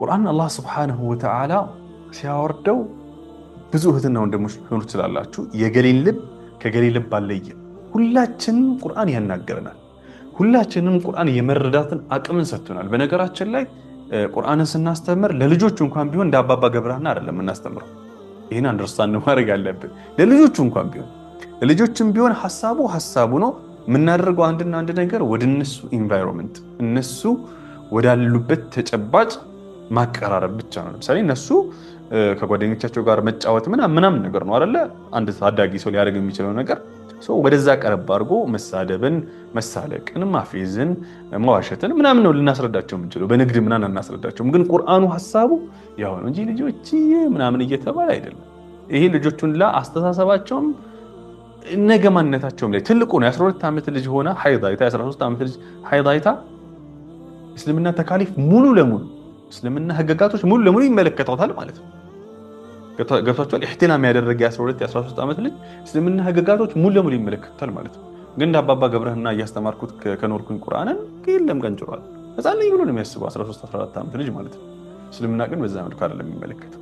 ቁርአን አላህ ስብሓንሁ ወተዓላ ሲያወርደው ብዙ እህትና ወንድሞች ሆኑ ትችላላችሁ። የገሌን ልብ ከገሌን ልብ አለየ ሁላችንም ቁርአን ያናገረናል። ሁላችንም ቁርአን የመረዳትን አቅምን ሰጥቶናል። በነገራችን ላይ ቁርአንን ስናስተምር ለልጆቹ እንኳን ቢሆን እንደ አባባ ገብረሃና አይደለም እናስተምረው። ይህን አንደርስታንድ ማድረግ አለብን። ለልጆቹ እንኳን ቢሆን ለልጆችም ቢሆን ሀሳቡ ሀሳቡ ነው። የምናደርገው አንድና አንድ ነገር ወደ እነሱ ኢንቫይሮንመንት እነሱ ወዳሉበት ተጨባጭ ማቀራረብ ብቻ ነው። ለምሳሌ እነሱ ከጓደኞቻቸው ጋር መጫወት ምናምን ምናምን ነገር ነው አይደለ? አንድ ታዳጊ ሰው ሊያደርግ የሚችለው ነገር ወደዛ ቀረብ አድርጎ መሳደብን፣ መሳለቅን፣ ማፌዝን፣ መዋሸትን ምናምን ነው ልናስረዳቸው የምንችለው። በንግድ ምናምን አናስረዳቸውም። ግን ቁርአኑ ሀሳቡ ያው ነው እንጂ ልጆች ምናምን እየተባለ አይደለም። ይሄ ልጆቹን ላ አስተሳሰባቸውም ነገ ማንነታቸውም ላይ ትልቁ ነው። የ12 ዓመት ልጅ ሆነ ሀይዳይታ፣ የ13 ዓመት ልጅ ሀይዳይታ እስልምና ተካሊፍ ሙሉ ለሙሉ እስልምና ህገጋቶች ሙሉ ለሙሉ ይመለከቷታል ማለት ነው። ገብቷቸዋል። ኢሕቲላም ያደረገ የ12 የ13 ዓመት ልጅ እስልምና ህግጋቶች ሙሉ ለሙሉ ይመለከታል ማለት ነው። ግን እንደ አባባ ገብረህና እያስተማርኩት ከኖርኩኝ ቁርአንን የለም ቀንጭሯል። ህፃን ነኝ ብሎ ነው የሚያስበው 13 14 ዓመት ልጅ ማለት ነው። እስልምና ግን በዛ መልኩ አይደለም የሚመለከተው።